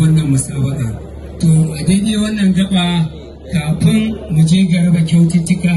wannan musabaka to a daidai wannan gaba kafin mu je ga raba kyaututtuka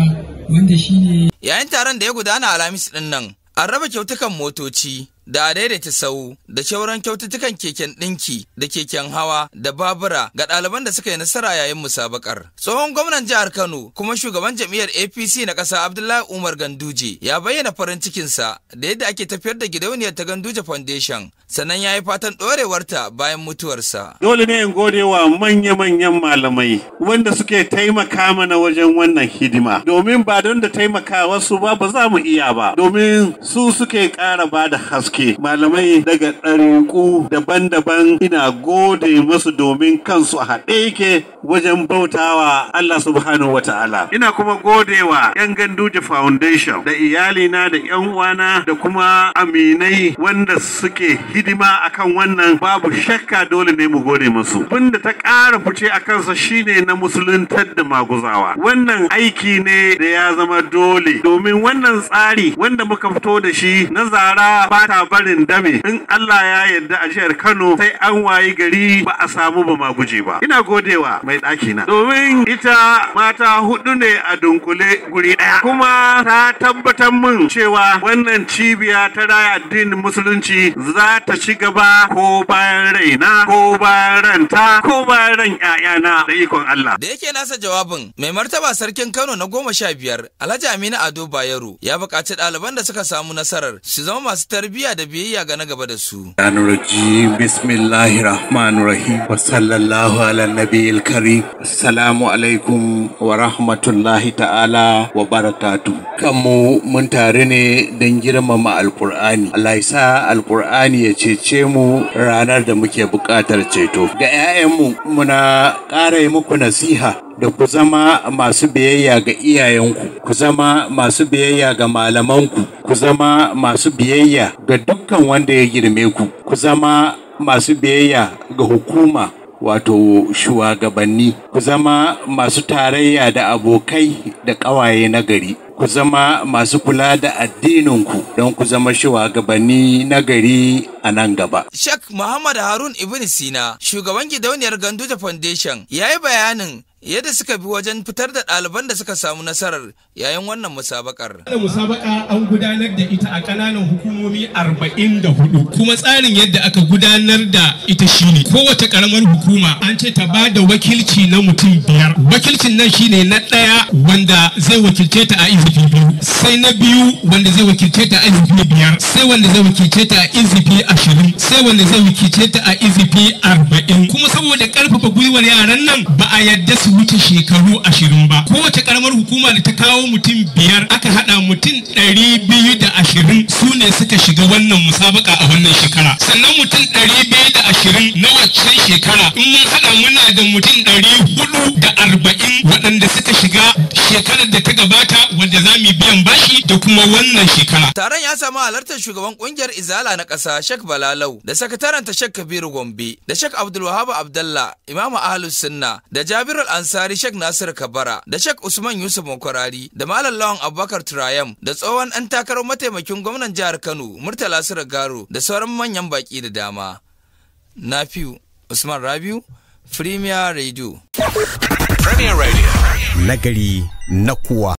wanda shine yayin taron da ya gudana alhamis din nan an raba kyautukan motoci da daidaita sau da shauran kyaututtukan keken ɗinki da keken hawa da babura ga ɗaliban da suka yi nasara yayin musabakar. Tsohon gwamnan jihar Kano kuma shugaban jam'iyyar APC na ƙasa Abdullahi Umar Ganduje ya bayyana farin cikinsa da yadda ake tafiyar da gidauniyar ta Ganduje Foundation sannan ya yi fatan ɗorewarta bayan mutuwarsa. Dole ne in gode wa manya-manyan malamai wanda suke taimaka mana wajen wannan hidima. Domin ba don da taimaka wasu ba ba za mu iya ba. Domin su suke ƙara ba da haske. Malamai daga ɗariƙu daban-daban ina gode masu domin kansu haɗe yake wajen bautawa Allah subhanahu wa ta'ala. Ina kuma gode wa 'yan Ganduje Foundation da iyalina da 'yan uwana da kuma aminai wanda suke hidima akan wannan babu shakka dole ne mu gode musu da ta ƙara fice a kansa shine na musuluntar da maguzawa wannan aiki ne da ya zama dole domin wannan tsari wanda muka fito da shi na zara ba ta barin dame in Allah ya yarda a jihar Kano sai an wayi gari ba a samu ba maguje ba ina godewa mai ɗaki na domin ita mata hudu ne a dunkule guri ɗaya kuma ta tabbatar min cewa wannan cibiya ta raya addinin musulunci za ta ci gaba ko bayan raina ko bayan ranta ko bayan ran ƴaƴana da ikon Allah. Da yake nasa jawabin mai martaba sarkin Kano na goma sha biyar Alhaji Aminu Ado Bayero ya buƙaci ɗaliban da suka samu nasarar su zama masu tarbiyya da biyayya ga na gaba da su. Anurji bismillahir rahmanir rahim wa sallallahu ala nabiyil karim. Assalamu alaikum wa rahmatullahi ta'ala wa barakatu. Kanmu mun tare ne don girmama alkur'ani. Allah ya sa alkur'ani ya cece mu ranar da muke buƙatar ceto. Ga 'ya'yanmu muna ƙara yi muku nasiha da ku zama masu biyayya ga iyayenku, ku zama masu biyayya ga malamanku, ku zama masu biyayya ga dukkan wanda ya girme ku, ku zama masu biyayya ga hukuma wato shugabanni ku zama masu tarayya da abokai da ƙawaye na gari ku zama masu kula da addininku don ku zama shugabanni na gari a nan gaba. Sheikh Muhammad Harun Ibn Sina, shugaban gidauniyar Ganduja Foundation, ya yi bayanin yadda suka bi wajen fitar da ɗaliban da suka samu nasarar yayin wannan musabakar. Wannan musabaka an gudanar da ita a ƙananan hukumomi arba'in da hudu. kuma tsarin yadda aka gudanar da ita shine kowace ƙaramar hukuma an ce ta ba da wakilci na mutum biyar. Wakilcin nan shine na ɗaya wanda zai wakilce ta a izifi biyu sai na biyu wanda zai wakilce ta a izifi biyar sai wanda zai wakilce ta a izifi ashirin sai wanda zai wakilce ta a izifi arba'in kuma saboda ƙarfafa gwiwar yaran nan ba a yadda su wuce shekaru ashirin ba kowace karamar hukuma da ta kawo mutum biyar aka haɗa mutum ɗari biyu da ashirin su ne suka shiga wannan musabaka a wannan shekara sannan mutum ɗari biyu da ashirin na waccan shekara in mun haɗa muna da mutum ɗari hudu da arba'in waɗanda suka shiga shekarar da ta gabata wanda za mu biyan bashi da kuma wannan shekara. Taron ya samu halartar shugaban kungiyar Izala na ƙasa Sheikh Balalau da sakataren ta Sheikh Kabiru Gombe da Sheikh Abdul Wahab Abdallah Imam Ahlus Sunna da Jabir Al Ansari Sheikh Nasir Kabara da Sheikh Usman Yusuf Mokwarari da Malam Lawan Abubakar Turayam da tsohon ɗan takarar mataimakin gwamnan jihar Kano Murtala Garo da sauran manyan baƙi da dama. Nafiu Usman Rabiu Premier Radio. Premier Radio. nagari na kuwa.